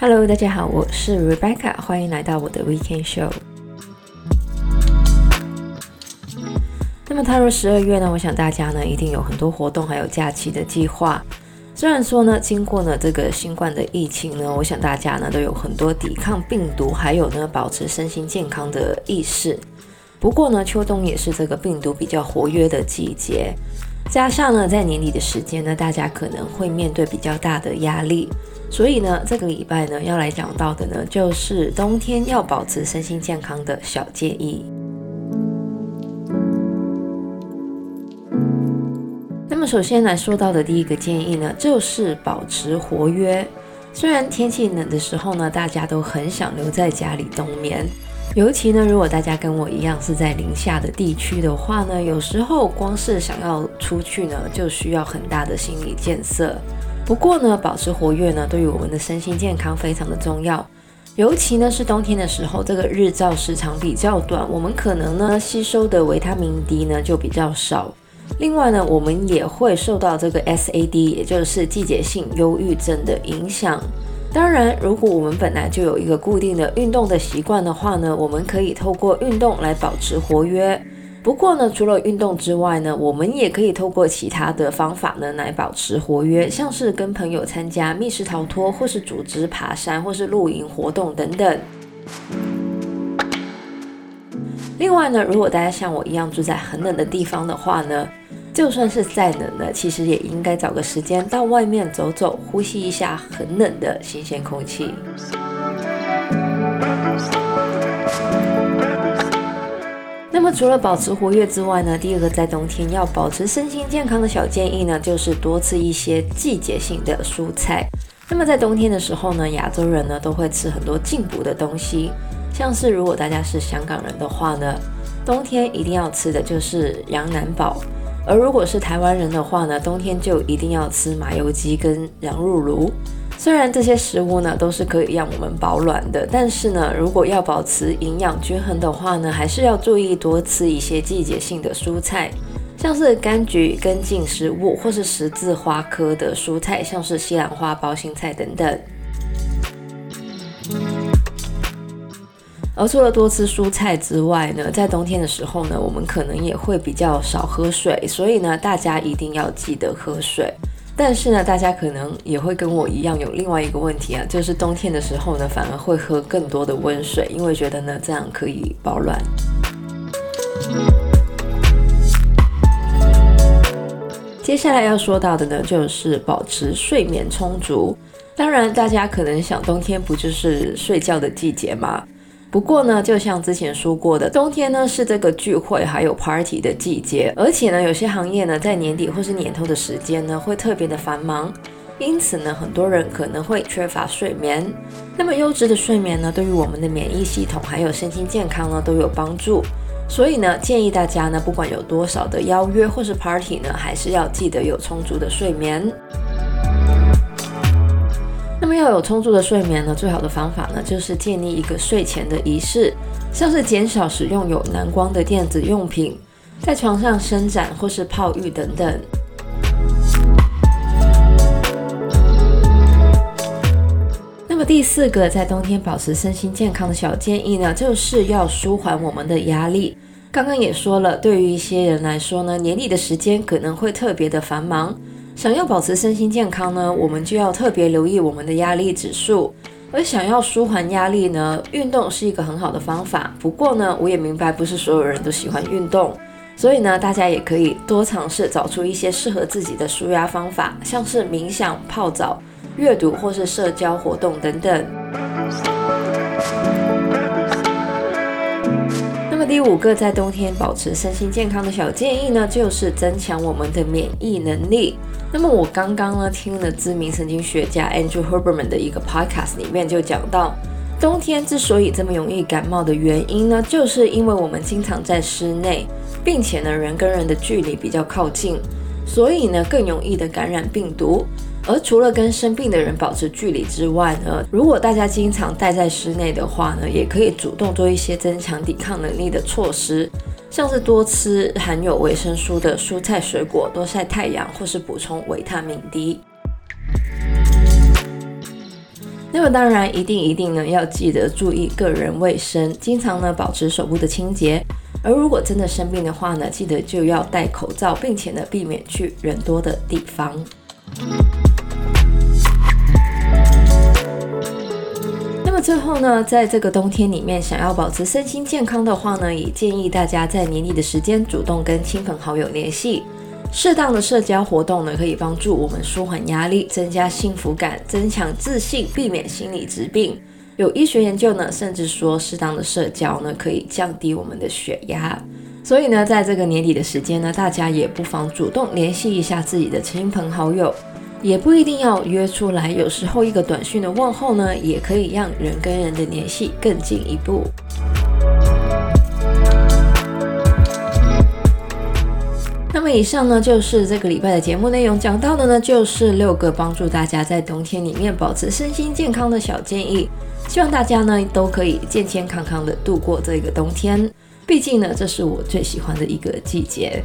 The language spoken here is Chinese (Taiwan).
Hello，大家好，我是 Rebecca，歡迎來到我的 Weekend Show。那麼踏入十二月呢，我想大家呢，一定有很多活動還有假期的計劃。雖然說呢，經過呢這個新冠的疫情呢，我想大家呢都有很多抵抗病毒，還有呢保持身心健康的意識。不過呢，秋冬也是這個病毒比較活躍的季節，加上呢在年底的時間呢，大家可能會面對比較大的壓力。所以呢這個禮拜呢要來講到的呢就是冬天要保持身心健康的小建議。那麼首先來說到的第一個建議呢，就是保持活躍。雖然天氣冷的時候呢，大家都很想留在家裡冬眠，尤其呢，如果大家跟我一樣是在零下的地區的話呢，有時候光是想要出去呢，就需要很大的心理建設。不過呢，保持活躍呢，對於我們的身心健康非常的重要。尤其呢是冬天的時候，這個日照時長比較短，我們可能呢吸收的維他命 D 呢就比較少。另外呢，我們也會受到這個 SAD，也就是季節性憂鬱症的影響。當然，如果我們本來就有一個固定的運動的習慣的話呢，我們可以透過運動來保持活躍。不過呢，除了運動之外呢，我們也可以透過其他的方法呢來保持活躍，像是跟朋友參加密室逃脫，或是組織爬山，或是露營活動等等。另外呢，如果大家像我一樣住在很冷的地方的話呢，就算是再冷了，其實也應該找個時間到外面走走，呼吸一下很冷的新鮮空氣。 那麼除了保持活躍之外呢，第二個在冬天要保持身心健康的小建議呢，就是多吃一些季節性的蔬菜。那麼在冬天的時候呢，亞洲人呢都會吃很多進補的東西，像是如果大家是香港人的話呢，冬天一定要吃的就是羊腩煲。而如果是台灣人的話呢，冬天就一定要吃麻油雞跟羊肉爐。雖然這些食物呢都是可以讓我們保暖的，但是呢，如果要保持營養均衡的話呢，還是要注意多吃一些季節性的蔬菜，像是柑橘、根莖食物，或是十字花科的蔬菜，像是西蘭花、包心菜等等。而除了多吃蔬菜之外呢，在冬天的時候呢，我們可能也會比較少喝水，所以呢，大家一定要記得喝水。但是呢，大家可能也會跟我一樣有另外一個問題啊，就是冬天的時候呢，反而會喝更多的溫水，因為覺得呢，這樣可以保暖。嗯。接下來要說到的呢，就是保持睡眠充足。當然，大家可能想，冬天不就是睡覺的季節嗎？不過呢，就像之前說過的，冬天呢是這個聚會還有 party 的季節，而且呢，有些行業呢在年底或是年頭的時間呢會特別的繁忙，因此呢，很多人可能會缺乏睡眠。那麼優質的睡眠呢，對於我們的免疫系統還有身心健康呢都有幫助。所以呢，建議大家呢，不管有多少的邀約或是 party 呢，還是要記得有充足的睡眠。要有充足的睡眠呢，最好的方法呢就是建立一個睡前的儀式，像是減少使用有藍光的電子用品，在床上伸展或是泡浴等等。 那麼第四個，在冬天保持身心健康的小建議呢，就是要舒緩我們的壓力。剛剛也說了，對於一些人來說呢，年底的時間可能會特別的繁忙。想要保持身心健康呢，我們就要特別留意我們的壓力指數。而想要舒緩壓力呢，運動是一個很好的方法。不過呢，我也明白不是所有人都喜歡運動，所以呢，大家也可以多嘗試找出一些適合自己的舒壓方法，像是冥想、泡澡、閱讀或是社交活動等等。第五個在冬天保持身心健康的小建議呢，就是增強我們的免疫能力。那麼我剛剛呢聽了知名神經學家 Andrew Huberman 的一個 podcast，裡面就講到，冬天之所以這麼容易感冒的原因呢，就是因為我們經常在室內，並且呢人跟人的距離比較靠近，所以呢更容易的感染病毒。而除了跟生病的人保持距離之外呢，如果大家經常待在室內的話呢，也可以主動做一些增強抵抗能力的措施，像是多吃含有維生素的蔬菜水果，多曬太陽或是補充維他命 D。那麼當然一定一定呢要記得注意個人衛生，經常呢保持手部的清潔。而如果真的生病的話呢，記得就要戴口罩，並且呢避免去人多的地方。然後呢，在這個冬天裡面，想要保持身心健康的話呢，也建議大家在年底的時間主動跟親朋好友聯繫。適當的社交活動呢，可以幫助我們舒緩壓力、增加幸福感、增強自信、避免心理疾病。有醫學研究呢，甚至說適當的社交呢，可以降低我們的血壓。所以呢，在這個年底的時間呢，大家也不妨主動聯繫一下自己的親朋好友。也不一定要約出來，有時候一個短訊的問候呢，也可以讓人跟人的聯繫更進一步。那麼以上呢，就是這個禮拜的節目內容，講到的呢，就是六個幫助大家在冬天裡面保持身心健康的小建議。希望大家呢，都可以健健康康的度過這個冬天。畢竟呢，這是我最喜歡的一個季節。